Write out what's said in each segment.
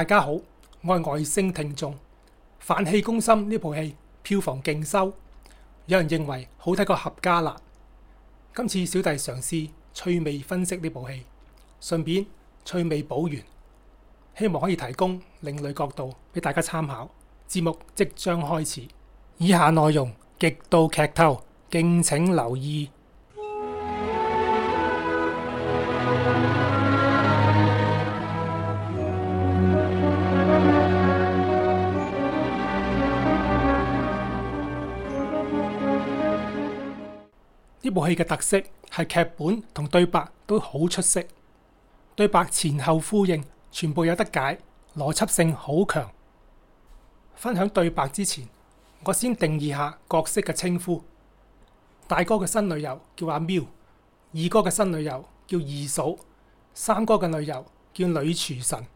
大家好，我係外星聽眾，《飯戲攻心》呢部戲票房勁收，有人認為好睇過《合家辣》。今次小弟嘗試趣味分析呢部戲，順便趣味補完，希望可以提供另類角度俾大家參考。節目即將開始，以下內容極度劇透，敬請留意。部戲嘅特色係劇本同對白都好出色，對白前後呼應，全部有得解，邏輯性好強。分享對白之前，我先定義下角色嘅稱呼：大哥嘅新女友叫阿喵，二哥嘅新女友叫二嫂，三哥嘅女友叫女廚神。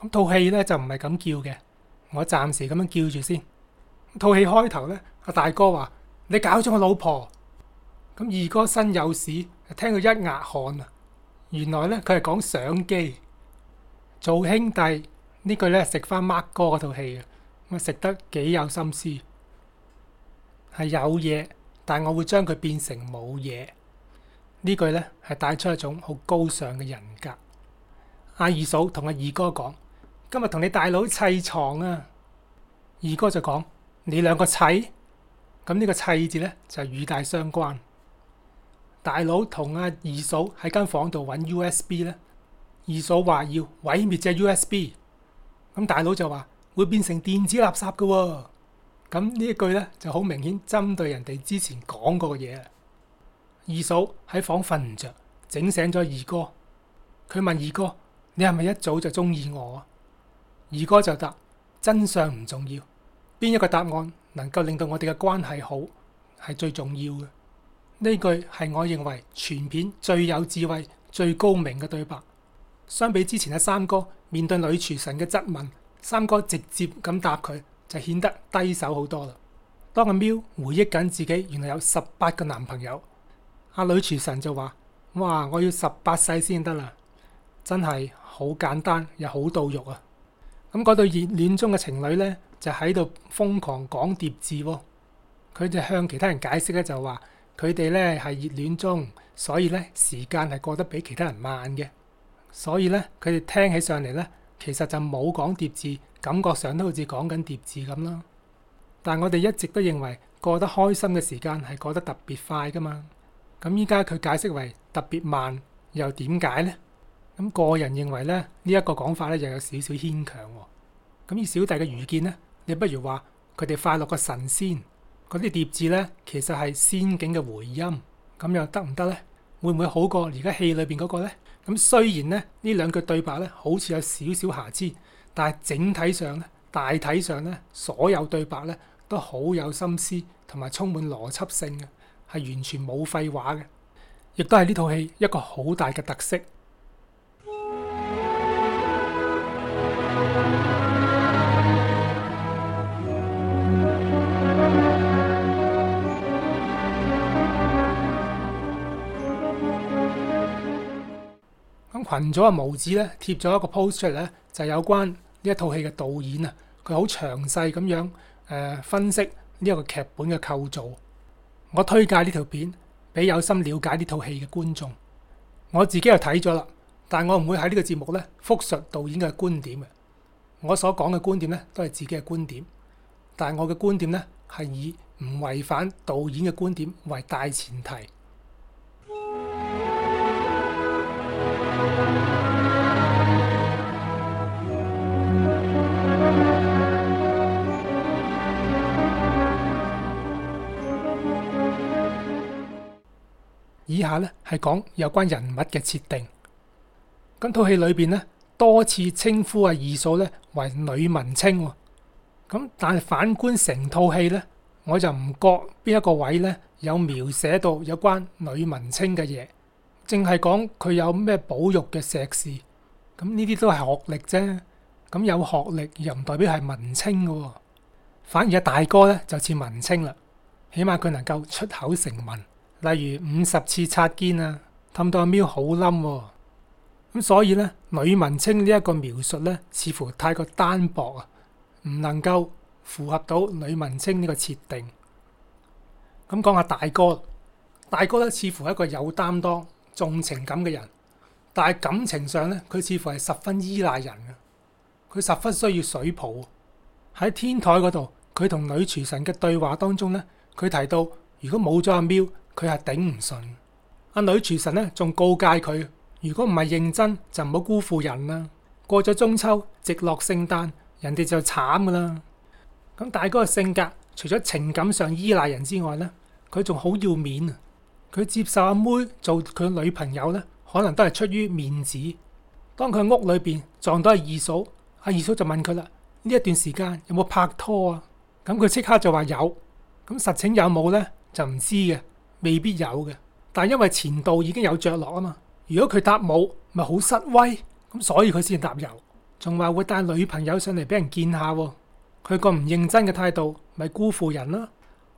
咁套戲呢就唔係咁叫嘅，我暫時咁樣叫住先。套戲開頭呢，阿大哥話：你搞咗我老婆。咁二哥身有屎，聽到一額汗啊！原來咧，佢係講相機做兄弟句呢句咧，食翻孖哥嗰套戲啊！咁啊，食得幾有心思係有嘢，但係我會將佢變成冇嘢呢句咧，係帶出一種好高尚嘅人格。阿二嫂同阿二哥講，今日同你大佬砌床啊！二哥就講你兩個砌咁，呢個砌字咧，就語帶相關。大佬同阿二嫂喺間房度揾 USB 呢？二嫂話要毀滅隻 USB，咁大佬就話會變成電子垃圾㗎喎，咁呢一句呢就好明顯針對人哋之前講過嘅嘢啊。二嫂喺房瞓唔着，整醒咗二哥，佢問二哥：你係咪一早就中意我？二哥就答：真相唔重要，邊一個答案能夠令到我哋嘅關係好係最重要嘅。呢句係我認為全片最有智慧、最高明嘅對白。相比之前阿三哥面對女廚神嘅質問，三哥直接咁答佢就顯得低手好多啦。當阿喵回憶緊自己，原來有十八個男朋友，阿女廚神就話：哇！我要十八世先得啦，真係好簡單又好到肉啊。咁嗰對熱戀中嘅情侶咧，就喺度瘋狂講疊字，哦，佢就向其他人解釋咧，就話。佢哋咧係熱戀中，所以咧時間係過得比其他人慢嘅，所以咧佢哋聽起上嚟咧，其實就冇講疊字，感覺上都好似講緊疊字咁咯。但我哋一直都認為過得開心嘅時間係過得特別快噶嘛。咁依家佢解釋為特別慢，又點解咧？咁個人認為咧，呢一個講法咧又有少少牽強喎。咁以小弟嘅愚見咧，你不如話佢哋快樂過神仙。嗰啲疊字咧，其實係仙境嘅回音，咁又得唔得咧？會唔會好過而家戲裏邊嗰個咧？咁雖然咧呢兩句對白咧，好似有少少瑕疵，但係整體上咧，大體上咧，所有對白咧都好有心思同埋充滿邏輯性嘅，係完全冇廢話嘅，亦都係呢套戲一個好大嘅特色。群組嘅毛子咧貼咗一個 post 出嚟咧，就係、有關呢一套戲嘅導演啊，佢好詳細咁樣誒、呃、分析呢一個劇本嘅構造。我推介呢條片俾有心了解呢套戲嘅觀眾。我自己又睇咗啦，但我唔會喺呢個節目咧複述導演嘅觀點嘅。我所講嘅觀點咧都係自己嘅觀點，但係我嘅觀點咧係以唔違反導演嘅觀點為大前提。以下咧係講有關人物嘅設定。咁套戲裏邊咧多次稱呼阿二嫂咧為女文青喎、哦。咁但係反觀成套戲咧，我就唔覺邊一個位咧有描寫到有關女文青嘅嘢，淨係講佢有咩保育嘅碩士。咁呢啲都係學歷啫。咁有學歷又唔代表係文青嘅喎、哦。反而阿大哥咧就似文青啦，起碼佢能夠出口成文。例如五十次擦肩啊，氹到阿喵好冧喎。咁所以咧，女文青呢一個描述咧，似乎太過單薄啊，唔能夠符合到女文青呢個設定。咁、嗯、講下大哥，大哥咧似乎係一個有擔當、重情感嘅人，但係感情上咧，佢似乎係十分依賴人嘅、啊，佢十分需要水泡喺、啊、天台嗰度，佢同女廚神嘅對話當中咧，佢提到如果冇咗阿喵。佢係頂唔順，阿女廚神咧，仲告誡佢：如果唔係認真，就唔好辜負人啦。過咗中秋，直落聖誕，人哋就慘噶啦。咁大哥嘅性格，除咗情感上依賴人之外咧，佢仲好要面啊。佢接受阿妹，妹做佢女朋友咧，可能都係出於面子。當佢屋裏邊撞到阿二嫂，阿二嫂就問佢啦：呢一段時間有冇拍拖啊？咁佢即刻就話有。咁實情有冇咧，就唔知嘅。未必有嘅，但係因為前度已經有着落啊嘛。如果佢答冇，咪好失威，咁所以佢先答有。仲話會帶女朋友上嚟俾人見下喎。佢個唔認真嘅態度，咪辜負人啦。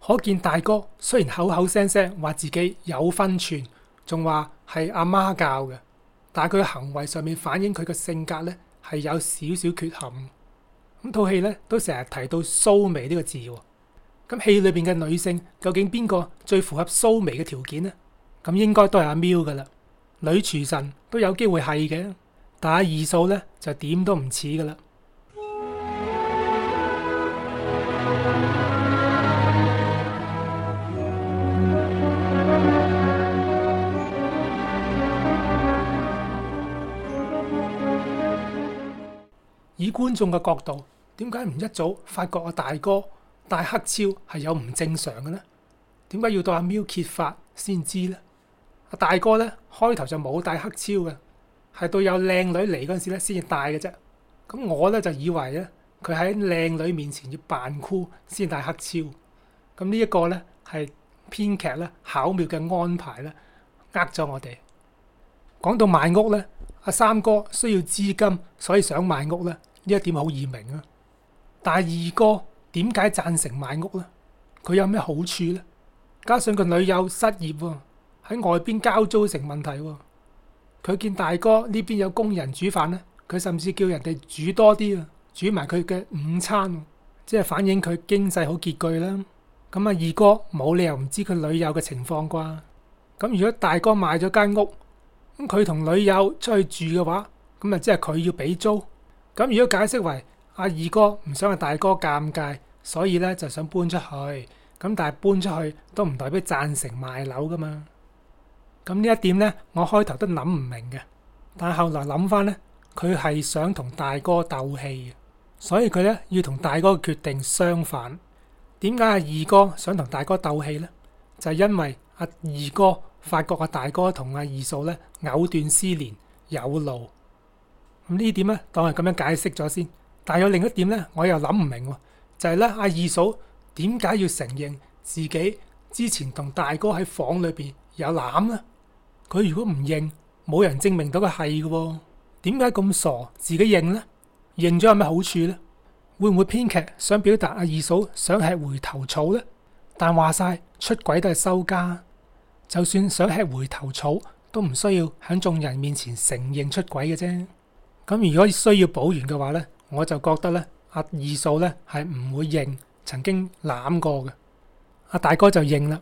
可見大哥雖然口口聲聲話自己有分寸，仲話係阿媽教嘅，但係佢行為上面反映佢嘅性格咧，係有少少缺陷。咁套戲咧都成日提到蘇眉呢個字喎。咁戲裏邊嘅女性究竟邊個最符合蘇眉嘅條件呢？咁應該都係阿喵 i u 噶啦，女廚神都有機會係嘅，但阿二嫂呢就點都唔似噶啦。 以觀眾嘅角度，點解唔一早發覺阿大哥？戴黑超係有唔正常嘅咧？點解要到阿 Meow 揭發先知咧？阿大哥咧，開頭就冇戴黑超嘅，係到有靚女嚟嗰陣時咧，先至戴嘅啫。咁我咧就以為咧，佢喺靚女面前要扮酷先戴黑超。咁呢一個咧係編劇咧巧妙嘅安排咧，呃咗我哋。講到買屋咧，阿三哥需要資金，所以想買屋咧。呢一點好易明啊。但係二哥。點解贊成買屋呢？佢有咩好處呢？加上個女友失業喎，喺外邊交租成問題。佢見大哥呢邊有工人煮飯咧，佢甚至叫人哋煮多啲啊，煮埋佢嘅午餐，即係反映佢經濟好拮據啦。咁、嗯、啊，二哥冇理由唔知佢女友嘅情況啩？咁、嗯、如果大哥買咗間屋，咁佢同女友出去住嘅話，咁、嗯、啊，即係佢要俾租。咁、嗯、如果解釋為阿二哥唔想阿大哥尷尬。所以咧就想搬出去咁，但係搬出去都唔代表贊成賣樓噶嘛。咁呢一點咧，我開頭都諗唔明嘅，但後嚟諗翻咧，佢係想同大哥鬥氣，所以佢咧要同大哥嘅決定相反。點解阿二哥想同大哥鬥氣咧？就係因為阿二哥發覺阿大哥同阿二嫂咧藕斷絲連有路咁呢？點咧當係咁樣解釋咗先，但有另一點咧，我又諗唔明喎。就係咧，阿二嫂點解要承認自己之前同大哥喺房裏邊有攬呢？佢如果唔認，冇人證明到佢係嘅喎。點解咁傻自己認呢？認咗有咩好處呢？會唔會編劇想表達阿二嫂想吃回頭草呢？但話晒，出軌都係收家，就算想吃回頭草，都唔需要喺眾人面前承認出軌嘅啫。咁如果需要補完嘅話呢，我就覺得呢。阿二嫂咧，係唔會認，曾經攬過嘅。阿大哥就認啦，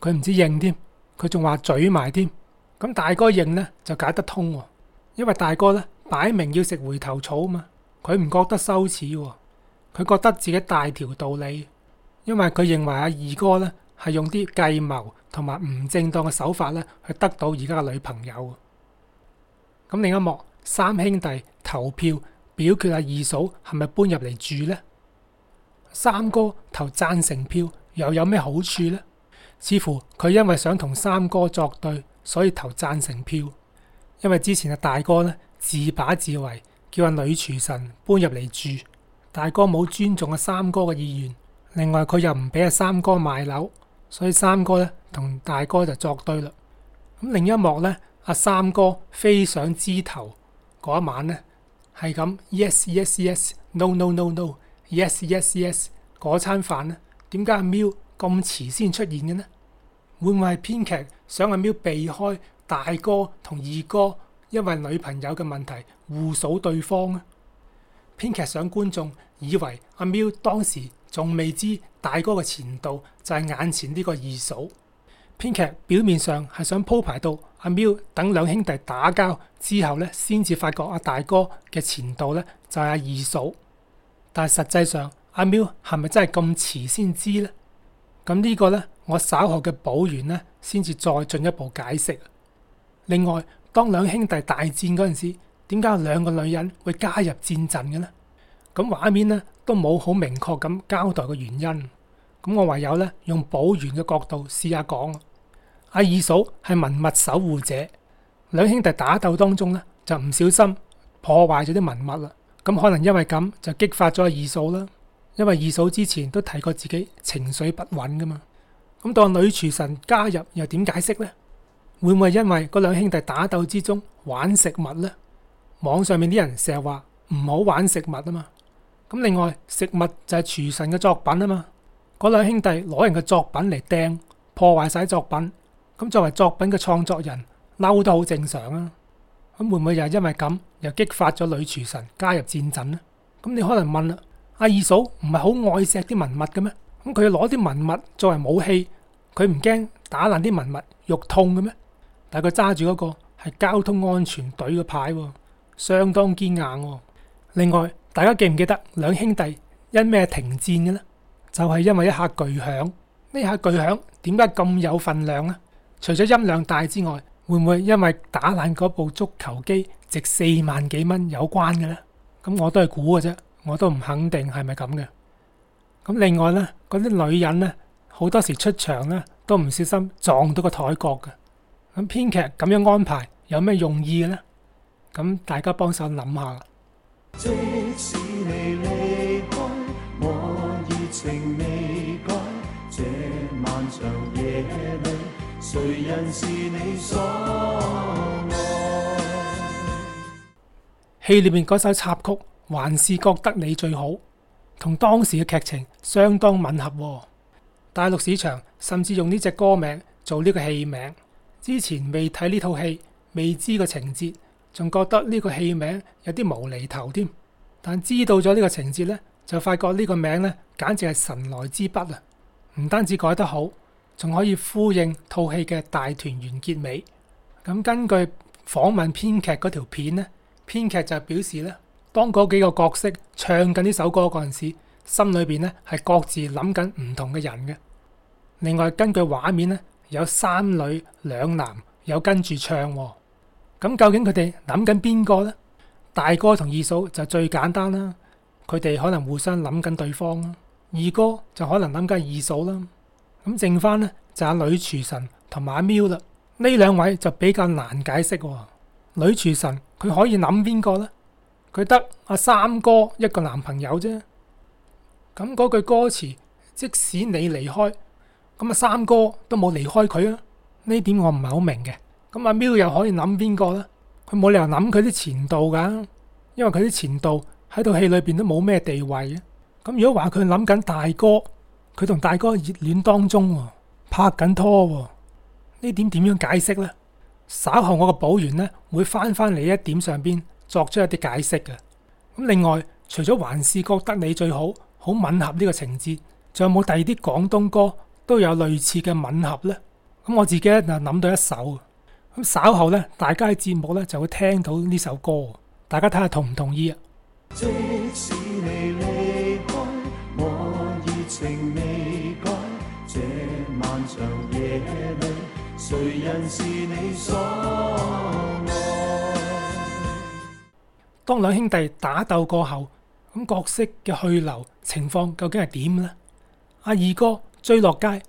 佢唔知認添，佢仲話嘴埋添。咁大哥認咧就解得通，因為大哥咧擺明要食回頭草嘛，佢唔覺得羞恥，佢覺得自己大條道理，因為佢認為阿二哥咧係用啲計謀同埋唔正當嘅手法咧去得到而家嘅女朋友。咁另一幕，三兄弟投票。表決阿二嫂係咪搬入嚟住呢？三哥投贊成票又有咩好處呢？似乎佢因為想同三哥作對，所以投贊成票。因為之前阿大哥呢自把自為，叫阿女廚神搬入嚟住，大哥冇尊重阿三哥嘅意願。另外佢又唔俾阿三哥買樓，所以三哥呢同大哥就作對啦。咁另一幕呢，阿三哥飛上枝頭嗰一晚呢，係咁，yes yes yes，no no no no，yes yes yes。嗰餐飯呢？點解阿喵咁遲先出現嘅呢？會唔會係編劇想阿喵避開大哥同二哥因為女朋友嘅問題互數對方啊？編劇想觀眾以為阿喵當時仲未知大哥嘅前度就係眼前呢個二嫂。編劇表面上係想鋪排到。阿喵、啊、等兩兄弟打交之後咧，先至發覺阿、啊、大哥嘅前度咧就係、是、阿二嫂。但係實際上，阿喵係咪真係咁遲先知咧？咁、這個、呢個咧，我稍後嘅補完咧，先至再進一步解釋。另外，當兩兄弟大戰嗰陣時，點解有兩個女人會加入戰陣嘅咧？咁畫面咧都冇好明確咁交代個原因。咁、嗯、我唯有咧用補完嘅角度試下講。阿二嫂係文物守護者，兩兄弟打鬥當中呢，就唔小心破壞咗啲文物啦。咁可能因為咁就激發咗阿二嫂啦。因為二嫂之前都提過自己情緒不穩噶嘛。咁當女廚神加入又點解釋呢？會唔會因為嗰兩兄弟打鬥之中玩食物呢？網上面啲人成日話唔好玩食物啊嘛。咁另外食物就係廚神嘅作品啊嘛。嗰兩兄弟攞人嘅作品嚟掟，破壞晒作品。咁作為作品嘅創作人嬲都好正常啊！咁會唔會又係因為咁又激發咗女廚神加入戰陣呢？咁你可能問啦，阿二嫂唔係好愛錫啲文物嘅咩？咁佢攞啲文物作為武器，佢唔驚打爛啲文物肉痛嘅咩？但係佢揸住嗰個係交通安全隊嘅牌喎，相當堅硬喎、啊。另外，大家記唔記得兩兄弟因咩停戰嘅呢？就係、是、因為一下巨響，呢下巨響點解咁有分量呢？除咗音量大之外，會唔會因為打爛嗰部足球機值四萬幾蚊有關嘅呢？咁我都係估嘅啫，我都唔肯定係咪咁嘅。咁另外呢，嗰啲女人呢，好多時出場呢都唔小心撞到個台角嘅。咁編劇咁樣安排有咩用意呢？咁大家幫手諗下啦。即使你離開，誰人是你所愛？戲裏面嗰首插曲，還是覺得你最好，同當時嘅劇情相當吻合喎。大陸市場甚至用呢隻歌名做呢個戲名。之前未睇呢套戲，未知個情節，仲覺得呢個戲名有啲無厘頭添。但知道咗呢個情節呢，就發覺呢個名呢，簡直係神來之筆啊！唔單止改得好。仲可以呼應套戲嘅大團圓結尾。咁根據訪問編劇嗰條片咧，編劇就表示咧，當嗰幾個角色唱緊呢首歌嗰陣時，心裏邊咧係各自諗緊唔同嘅人嘅。另外根據畫面咧，有三女兩男有跟住唱喎。咁究竟佢哋諗緊邊個咧？大哥同二嫂就最簡單啦，佢哋可能互相諗緊對方啦；二哥就可能諗緊二嫂啦。咁剩翻呢，就阿女廚神同阿喵啦，呢兩位就比較難解釋喎、哦。女廚神佢可以諗邊個呢？佢得阿三哥一個男朋友啫。咁嗰句歌詞，即使你離開，咁阿三哥都冇離開佢啊。呢點我唔係好明嘅。咁阿喵又可以諗邊個呢？佢冇理由諗佢啲前度噶、啊，因為佢啲前度喺套戲裏邊都冇咩地位嘅。咁如果話佢諗緊大哥？佢同大哥熱戀當中喎，拍緊拖喎，呢點點樣解釋呢？稍後我個保員呢，會翻翻嚟一點上邊作出一啲解釋嘅。咁另外，除咗還是覺得你最好，好吻合呢個情節，仲有冇第二啲廣東歌都有類似嘅吻合呢？咁我自己呢嗱諗到一首，咁稍後呢，大家喺節目呢就會聽到呢首歌，大家睇下同唔同意啊？當兩兄弟打鬥過後，咁角色嘅去留情況究竟係點呢？阿二哥追落街，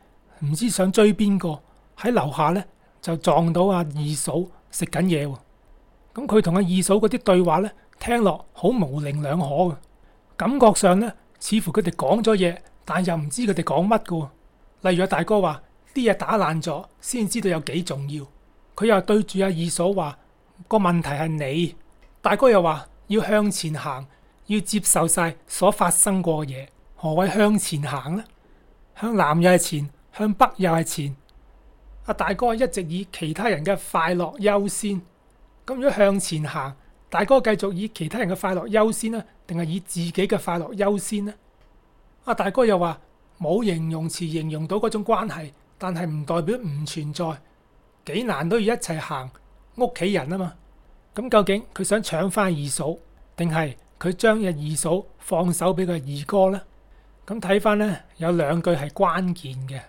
唔知想追邊個，喺樓下呢就撞到阿二嫂食緊嘢。咁佢同阿二嫂嗰啲對話呢，聽落好模棱兩可嘅，感覺上呢，似乎佢哋講咗嘢，但又唔知佢哋講乜噶。例如阿大哥話。啲嘢打爛咗先知道有幾重要。佢又對住阿二嫂話：個問題係你大哥又話要向前行，要接受晒所發生過嘅嘢。何謂向前行呢？向南又係前，向北又係前。阿大哥一直以其他人嘅快樂優先。咁要向前行，大哥繼續以其他人嘅快樂優先呢？定係以自己嘅快樂優先呢？阿大哥又話冇形容詞形容到嗰種關係。但係唔代表唔存在，幾難都要一齊行，屋企人啊嘛。咁、嗯、究竟佢想搶翻二嫂，定係佢將阿二嫂放手俾佢二哥咧？咁睇翻咧，有兩句係關鍵嘅。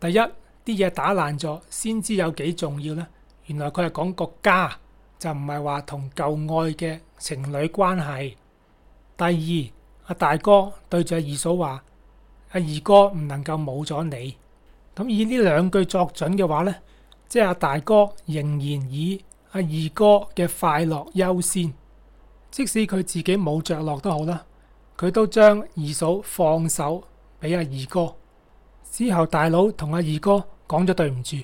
第一，啲嘢打爛咗先知有幾重要咧。原來佢係講個家，就唔係話同舊愛嘅情侶關係。第二，阿大哥對住二嫂話：阿二哥唔能夠冇咗你。咁以呢兩句作準嘅話咧，即係阿大哥仍然以阿二哥嘅快樂優先，即使佢自己冇着落都好啦，佢都將二嫂放手俾阿二哥。之後，大佬同阿二哥講咗對唔住。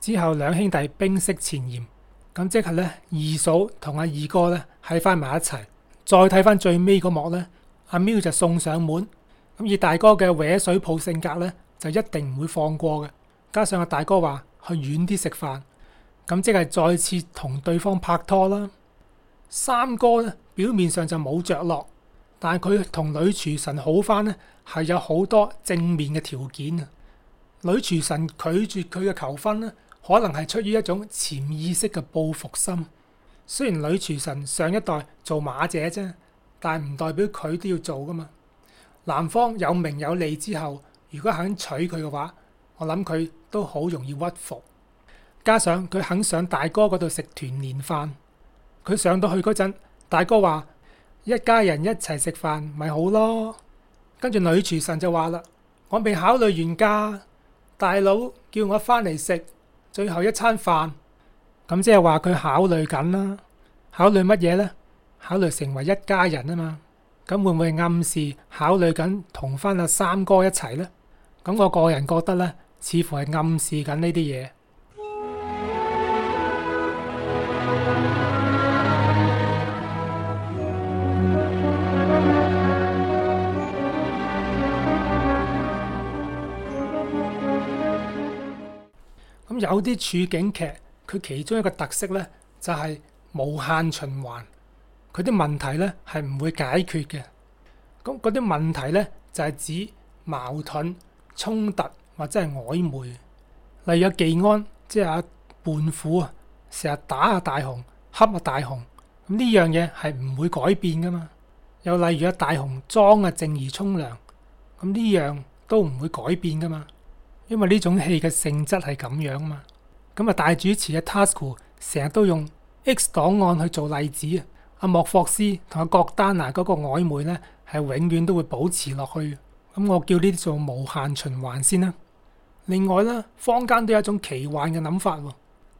之後，兩兄弟冰釋前嫌，咁即係咧，二嫂同阿二哥咧，喺翻埋一齊。再睇翻最尾嗰幕咧，阿喵就送上門。咁以大哥嘅歪水抱性格咧。就一定唔會放過嘅。加上阿大哥話去遠啲食飯，咁即係再次同對方拍拖啦。三哥咧表面上就冇着落，但係佢同女廚神好翻咧係有好多正面嘅條件啊。女廚神拒絕佢嘅求婚咧，可能係出於一種潛意識嘅報復心。雖然女廚神上一代做馬姐啫，但係唔代表佢都要做㗎嘛。男方有名有利之後，如果肯娶佢嘅話，我諗佢都好容易屈服。加上佢肯上大哥嗰度食團年飯，佢上到去嗰陣，大哥話一家人一齊食飯咪好咯。跟住女廚神就話啦，我未考慮完㗎，大佬叫我翻嚟食最後一餐飯，咁即係話佢考慮緊啦。考慮乜嘢咧？考慮成為一家人啊嘛。咁會唔會暗示考慮緊同返阿三哥一齊呢？咁我個人覺得呢，似乎係暗示緊呢啲嘢。咁 有啲處境劇，佢其中一個特色呢，就係無限循環。佢啲問題咧係唔會解決嘅。咁嗰啲問題咧就係、是、指矛盾、衝突或者係曖昧。例如阿技安即係阿胖虎啊，成日打下大雄、恰下大雄。咁呢樣嘢係唔會改變噶嘛。又例如阿大雄裝阿靜兒沖涼，咁呢樣都唔會改變噶嘛。因為呢種戲嘅性質係咁樣啊嘛。咁啊，大主持嘅 Tasuku 成日都用 X 檔案去做例子啊。莫霍斯同阿葛丹娜嗰個曖昧咧，係永遠都會保持落去。咁我叫呢啲做無限循環先啦。另外咧，坊間都有一種奇幻嘅諗法喎，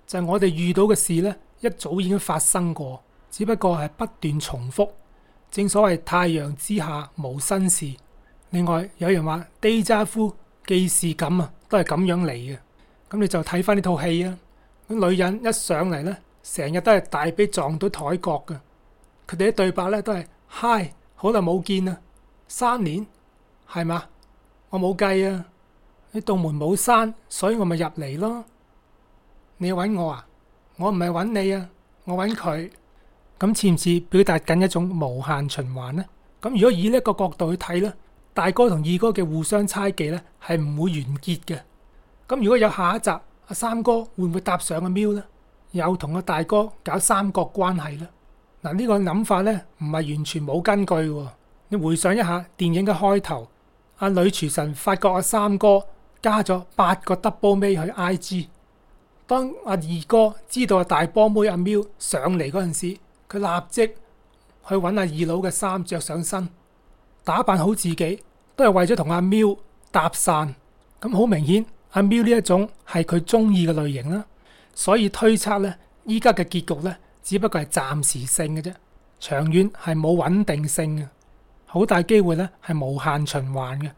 就係我哋遇到嘅事咧，一早已經發生過，只不過係不斷重複。正所謂太陽之下無新事。另外有人話《低渣夫既視感》啊，都係咁樣嚟嘅。咁你就睇翻呢套戲啊，啲女人一上嚟咧，成日都係大髀撞到台角噶。佢哋啲對白咧都係，嗨，好耐冇見啦，三年，係嘛？我冇計啊，呢道門冇閂，所以我咪入嚟咯。你揾我啊？我唔係揾你啊，我揾佢。咁似唔似表達緊一種無限循環呢？咁、嗯、如果以呢一個角度去睇呢，大哥同二哥嘅互相猜忌呢係唔會完結嘅。咁、嗯、如果有下一集，阿三哥會唔會搭上個喵呢？又同阿大哥搞三角關係呢？嗱呢個諗法呢，唔係完全冇根據喎、哦。你回想一下電影嘅開頭，阿女廚神發覺阿三哥加咗八個 double May 妹去 IG，當阿二哥知道阿大波妹阿喵上嚟嗰陣時，佢立即去揾阿二佬嘅衫着上身，打扮好自己，都係為咗同阿喵搭訕。咁好明顯，阿喵呢一種係佢中意嘅類型啦，所以推測呢，依家嘅結局呢。只不過係暫時性嘅啫，長遠係冇穩定性嘅，好大機會咧係無限循環嘅，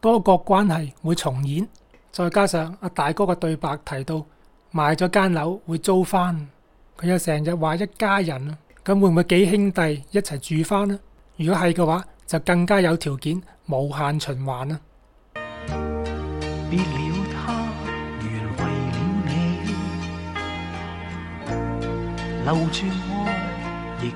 多角關係會重演。再加上阿大哥嘅對白提到賣咗間樓會租翻，佢又成日話一家人啊，咁會唔會幾兄弟一齊住翻咧？如果係嘅話，就更加有條件無限循環啦。住住。亦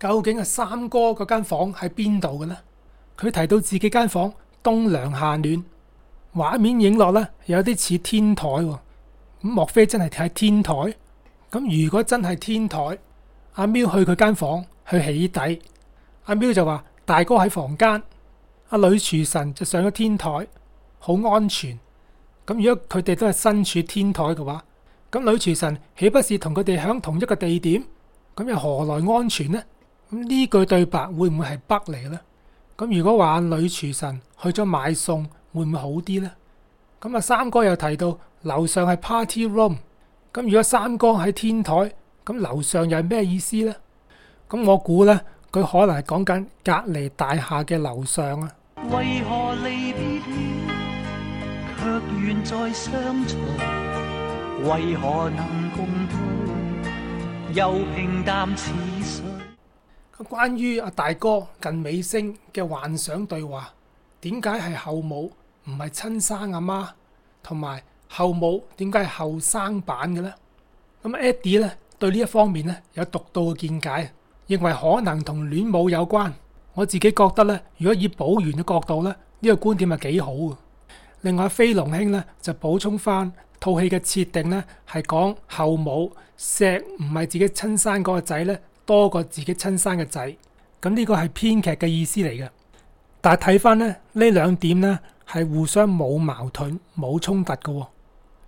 究竟係三哥嗰間房喺邊度嘅呢？佢提到自己間房冬涼夏暖，畫面影落呢，有啲似天台，咁莫非真係睇天台？咁如果真係天台，阿喵去佢間房去起底，阿喵就話大哥喺房間，阿女廚神就上咗天台，好安全。咁如果佢哋都係身處天台嘅話，咁女廚神豈不是同佢哋喺同一個地點？咁又何來安全呢？咁呢句對白會唔會係北嚟呢？咁如果話女廚神去咗買餸，會唔會好啲呢？咁啊，三哥又提到樓上係 party room，咁如果三哥喺天台，咁樓上又係咩意思呢？咁我估呢，佢可能係講緊隔離大廈嘅樓上啊。再相為何能共通，又平淡似水。關於阿大哥近尾聲嘅幻想對話，點解係後母唔係親生阿媽？同埋後母點解係後生版嘅呢？咁 Eddie 咧，對呢一方面咧，有獨到嘅見解，認為可能同戀母有關。我自己覺得呢，如果以保元嘅角度咧，呢、呢個觀點係幾好。另外，飛龍兄咧就補充翻套戲嘅設定咧，係講後母錫唔係自己親生嗰個仔咧，多過自己親生嘅仔。咁呢個係編劇嘅意思嚟嘅。但係睇翻咧，呢兩點咧係互相冇矛盾、冇衝突嘅、哦，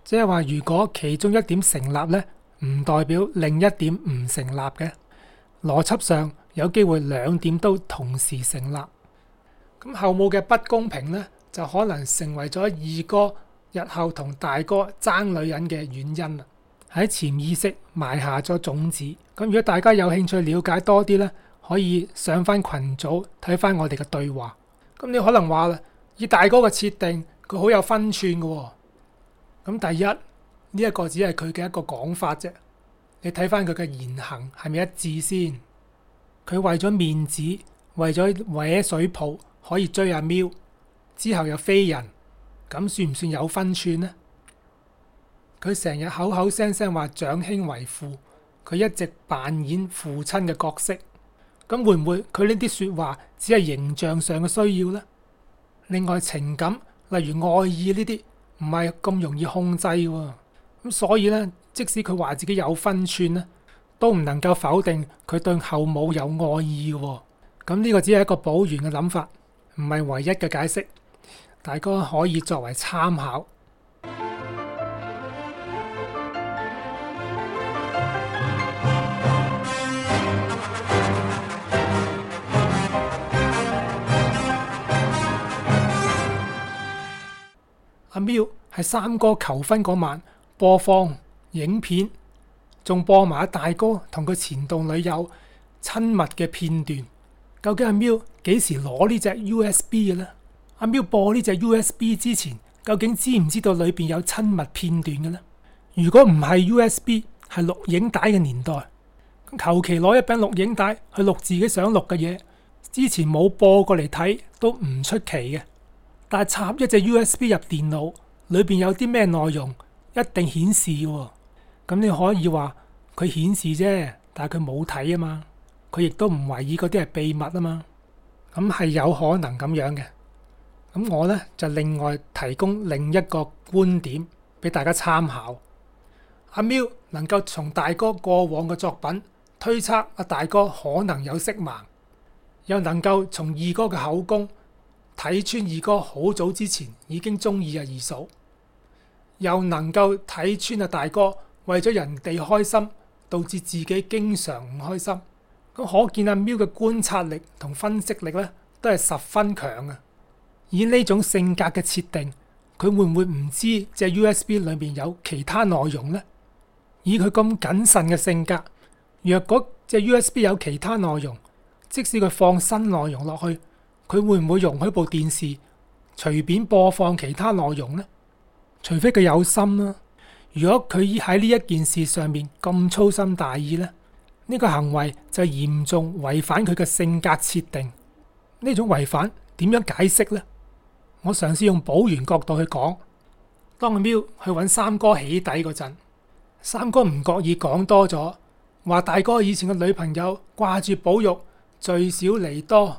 即係話如果其中一點成立咧，唔代表另一點唔成立嘅。邏輯上有機會兩點都同時成立。咁、嗯、後母嘅不公平咧？就可能成為咗二哥日後同大哥爭女人嘅原因啦。喺潛意識埋下咗種子。咁如果大家有興趣了解多啲咧，可以上翻群組睇翻我哋嘅對話。咁你可能話啦，以大哥嘅設定，佢好有分寸嘅、哦。咁第一呢、這個、一個只係佢嘅一個講法啫。你睇翻佢嘅言行係咪一致先？佢為咗面子，為咗搲水泡，可以追阿、啊、喵。之後又非人，咁算唔算有分寸呢？佢成日口口聲聲話長兄為父，佢一直扮演父親嘅角色，咁會唔會佢呢啲說話只係形象上嘅需要呢？另外情感例如愛意呢啲唔係咁容易控制喎，咁所以呢，即使佢話自己有分寸呢，都唔能夠否定佢對後母有愛意喎。咁呢個只係一個補完嘅諗法，唔係唯一嘅解釋。大哥可以作為參考。阿喵喺三哥求婚嗰晚播放影片，仲播埋大哥同佢前度女友親密嘅片段。究竟阿喵幾時攞呢隻 USB 嘅咧？阿苗播呢隻 USB 之前，究竟知唔知道裏邊有親密片段嘅呢？如果唔係 USB 係錄影帶嘅年代，求其攞一餅錄影帶去錄自己想錄嘅嘢，之前冇播過嚟睇都唔出奇嘅。但係插一隻 USB 入電腦，裏邊有啲咩內容一定顯示嘅。咁你可以話佢顯示啫，但係佢冇睇啊嘛，佢亦都唔懷疑嗰啲係秘密啊嘛。咁係有可能咁樣嘅。咁我咧就另外提供另一個觀點俾大家參考。阿喵能夠從大哥過往嘅作品推測阿大哥可能有色盲，又能夠從二哥嘅口供睇穿二哥好早之前已經中意阿二嫂，又能夠睇穿阿大哥為咗人哋開心，導致自己經常唔開心。咁可見阿喵嘅觀察力同分析力咧都係十分強嘅。以呢種性格嘅設定，佢會唔會唔知隻 USB 裏面有其他內容呢？以佢咁謹慎嘅性格，若果隻 USB 有其他內容，即使佢放新內容落去，佢會唔會容許部電視隨便播放其他內容呢？除非佢有心啦、啊。如果佢喺呢一件事上面咁粗心大意咧，呢、這個行為就嚴重違反佢嘅性格設定。呢種違反點樣解釋呢？我嘗試用保源角度去講，當阿喵去搵三哥起底嗰陣，三哥唔覺意講多咗，話大哥以前嘅女朋友掛住保育，聚少離多。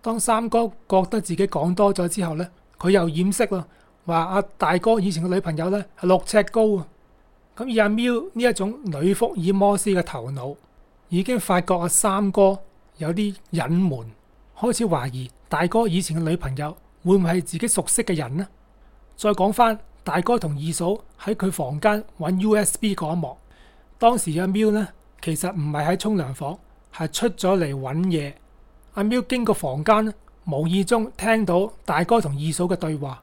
當三哥覺得自己講多咗之後呢，佢又掩飾咯，話阿大哥以前嘅女朋友呢係六尺高啊。咁而阿喵呢一種女福爾摩斯嘅頭腦，已經發覺阿三哥有啲隱瞞，開始懷疑大哥以前嘅女朋友。會唔係自己熟悉嘅人呢？再講翻大哥同二嫂喺佢房間揾 USB 嗰一幕，當時阿喵呢其實唔係喺沖涼房，係出咗嚟揾嘢。阿喵經過房間，無意中聽到大哥同二嫂嘅對話，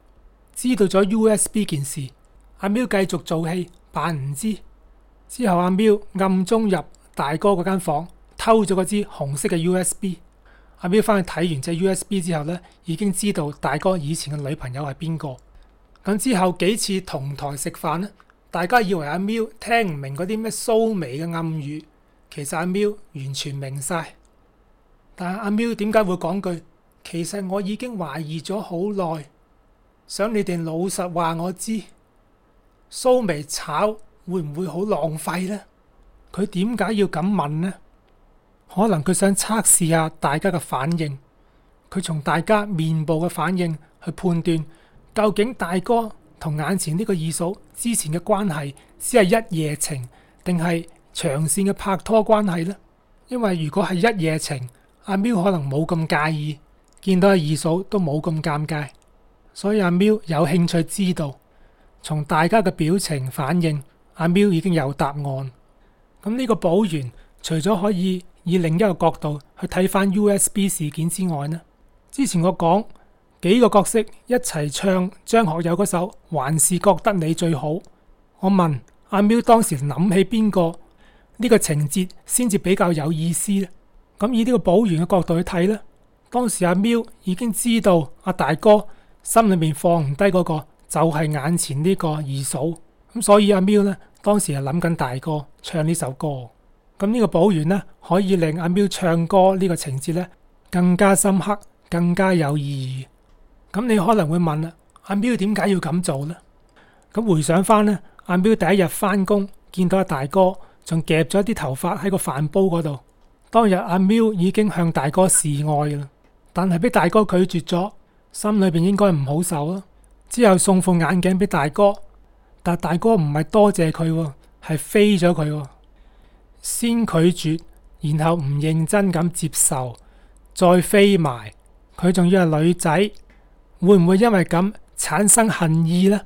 知道咗 USB 件事。阿喵繼續做戲扮唔知，之後阿喵暗中入大哥嗰間房偷咗嗰支紅色嘅 USB。阿喵翻去睇完隻 USB 之後呢，已經知道大哥以前嘅女朋友係邊個。咁之後幾次同台食飯呢，大家以為阿喵聽唔明嗰啲咩蘇眉嘅暗語，其實阿喵完全明晒。但係阿喵點解會講句「其實我已經懷疑咗好耐，想你哋老實話我知。蘇眉炒會唔會好浪費呢？」佢點解要咁問呢？可能佢想測試下大家嘅反應，佢從大家面部嘅反應去判斷，究竟大哥同眼前呢個二嫂之前嘅關係，只係一夜情，定係長線嘅拍拖關係呢？因為如果係一夜情，阿喵可能冇咁介意，見到阿二嫂都冇咁尷尬，所以阿喵有興趣知道。從大家嘅表情反應，阿喵已經有答案。咁呢個保完，除咗可以。以另一個角度去睇返 USB 事件之外呢？之前我講幾個角色一齊唱張學友嗰首《還是覺得你最好》。我問阿喵、啊、當時諗起邊個呢個情節先至比較有意思呢？咁、嗯、以呢個保源嘅角度去睇呢？當時阿、啊、喵已經知道阿、啊、大哥心裏面放唔低嗰個就係、是、眼前呢個二嫂，咁、嗯、所以阿、啊、喵呢，當時係諗緊大哥唱呢首歌。咁呢個補完呢，可以令阿喵唱歌呢個情節呢，更加深刻，更加有意義。咁你可能會問啦，阿喵點解要咁做呢？咁回想翻呢，阿喵第一日翻工見到阿大哥，仲夾咗啲頭髮喺個飯煲嗰度。當日阿喵已經向大哥示愛啦，但係俾大哥拒絕咗，心裏邊應該唔好受啦。之後送副眼鏡俾大哥，但大哥唔係多謝佢喎，係飛咗佢喎。先拒絕，然後唔認真咁接受，再飛埋佢，仲要係女仔，會唔會因為咁產生恨意呢？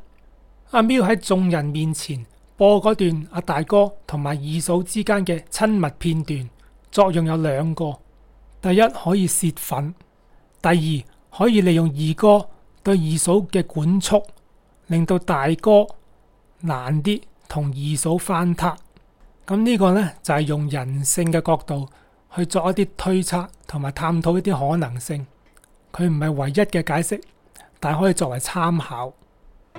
阿喵喺眾人面前播嗰段阿、啊、大哥同埋二嫂之間嘅親密片段，作用有兩個：第一可以泄憤，第二可以利用二哥對二嫂嘅管束，令到大哥難啲同二嫂翻撻。咁呢個呢，就係、是、用人性嘅角度去作一啲推測同埋探討一啲可能性。佢唔係唯一嘅解釋，但可以作為參考。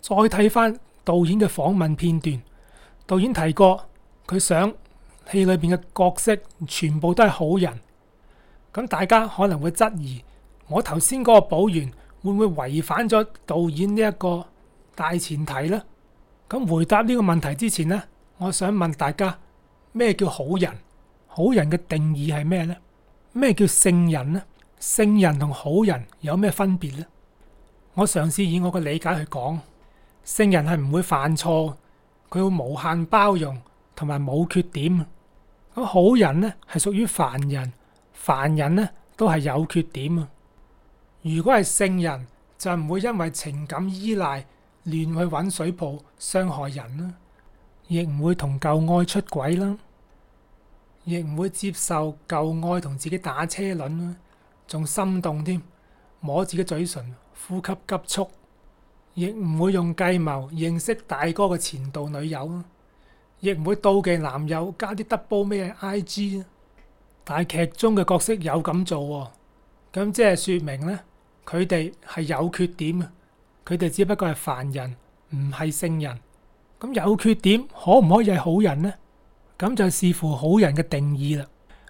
再睇翻導演嘅訪問片段，導演提過佢想戲裏邊嘅角色全部都係好人，咁大家可能會質疑，「我頭先嗰個保員會唔會違反咗導演呢一個大前提呢？」咁回答呢個問題之前呢，我想問大家咩叫好人？好人嘅定義係咩呢？咩叫聖人呢？聖人同好人有咩分別呢？我嘗試以我嘅理解去講，聖人係唔會犯錯，佢會無限包容同埋冇缺點。好人呢係屬於凡人，凡人呢都係有缺點啊！如果係聖人，就唔會因為情感依賴亂去揾水泡傷害人啦，亦唔會同舊愛出軌啦，亦唔會接受舊愛同自己打車輪啦，仲心動添，摸自己嘴唇，呼吸急促，亦唔會用計謀認識大哥嘅前度女友啊！亦唔會妒忌男友加啲 double 咩 IG，但係劇中嘅角色有咁做喎、哦，咁即係説明咧，佢哋係有缺點啊！佢哋只不過係凡人，唔係聖人。咁有缺點，缺點可唔可以係好人呢？咁就視乎好人嘅定義啦。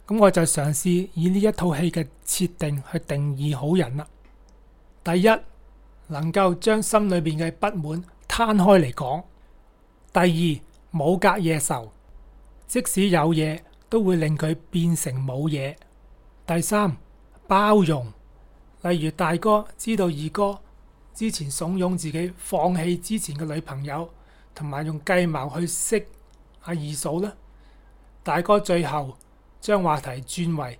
咁我就嘗試以呢一套戲嘅設定去定義好人啦。第一，能夠將心裏邊嘅不滿攤開嚟講；第二，冇隔夜仇，即使有嘢，都會令佢變成冇嘢。第三，包容，例如大哥知道二哥之前慫恿自己放棄之前嘅女朋友，同埋用計謀去識阿二嫂咧，大哥最後將話題轉為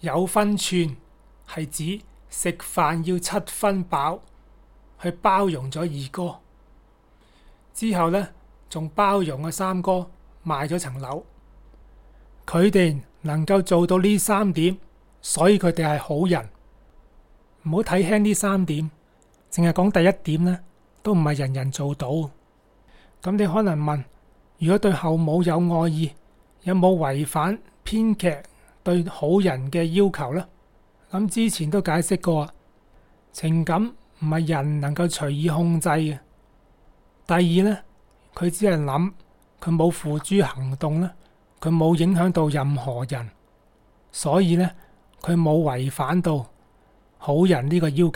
有分寸，係指食飯要七分飽，去包容咗二哥之後呢。仲包容阿三哥賣咗層樓，佢哋能夠做到呢三點，所以佢哋係好人。唔好睇輕呢三點，淨係講第一點呢，都唔係人人做到。咁你可能問：如果對後母有愛意，有冇違反編劇對好人嘅要求呢？咁之前都解釋過，情感唔係人能夠隨意控制嘅。第二呢。佢只係諗，佢冇付諸行動咧，佢冇影響到任何人，所以咧佢冇違反到好人呢個要求。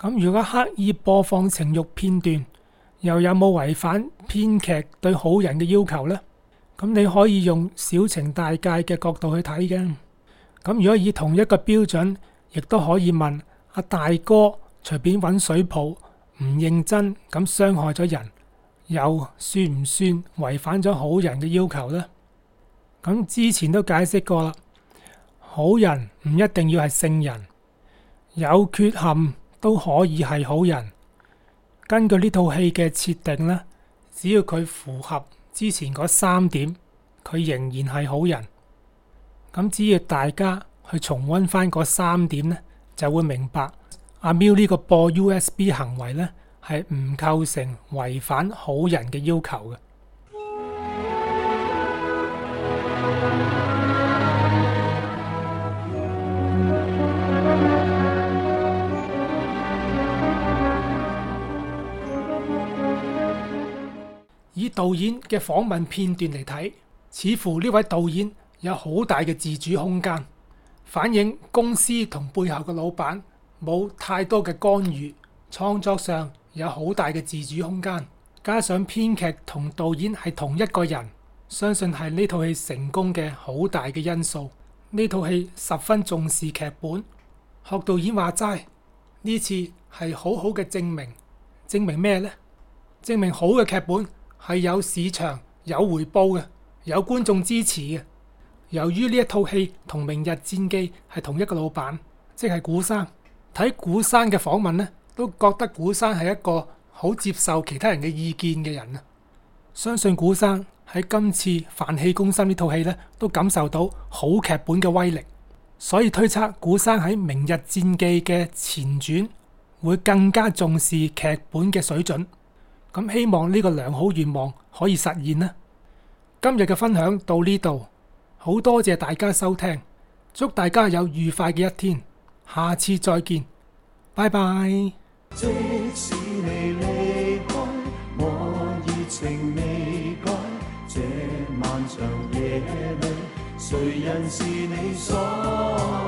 咁如果刻意播放情慾片段，又有冇違反編劇對好人嘅要求咧？咁你可以用小情大戒嘅角度去睇嘅。咁如果以同一個標準，亦都可以問阿、啊、大哥隨便揾水泡，唔認真咁傷害咗人，又算唔算違反咗好人嘅要求呢？咁之前都解釋過啦，好人唔一定要係聖人，有缺陷都可以係好人。根據呢套戲嘅設定呢，只要佢符合之前嗰三點，佢仍然係好人。咁只要大家去重溫翻嗰三點呢，就會明白阿喵呢個播 USB 行為呢，係唔構成違反好人嘅要求嘅。以導演嘅訪問片段嚟睇，似乎呢位導演有好大嘅自主空間，反映公司同背後嘅老闆冇太多嘅干預，創作上。有好大嘅自主空間，加上編劇同導演係同一個人，相信係呢套戲成功嘅好大嘅因素。呢套戲十分重視劇本，學導演話齋，呢次係好好嘅證明。證明咩呢？證明好嘅劇本係有市場、有回報嘅，有觀眾支持嘅。由於呢一套戲同《明日戰記》係同一個老闆，即係「古生」。睇「古生」嘅訪問呢。都覺得古生係一個好接受其他人嘅意見嘅人啊，相信古生喺今次《飯戲攻心》呢套戲呢都感受到好劇本嘅威力，所以推測古生喺《明日戰記》嘅前傳會更加重視劇本嘅水準。咁希望呢個良好願望可以實現啦。今日嘅分享到呢度，好多謝大家收聽，祝大家有愉快嘅一天，下次再見，拜拜。即使你離開，我熱情未改。這漫長夜裏，誰人是你所愛？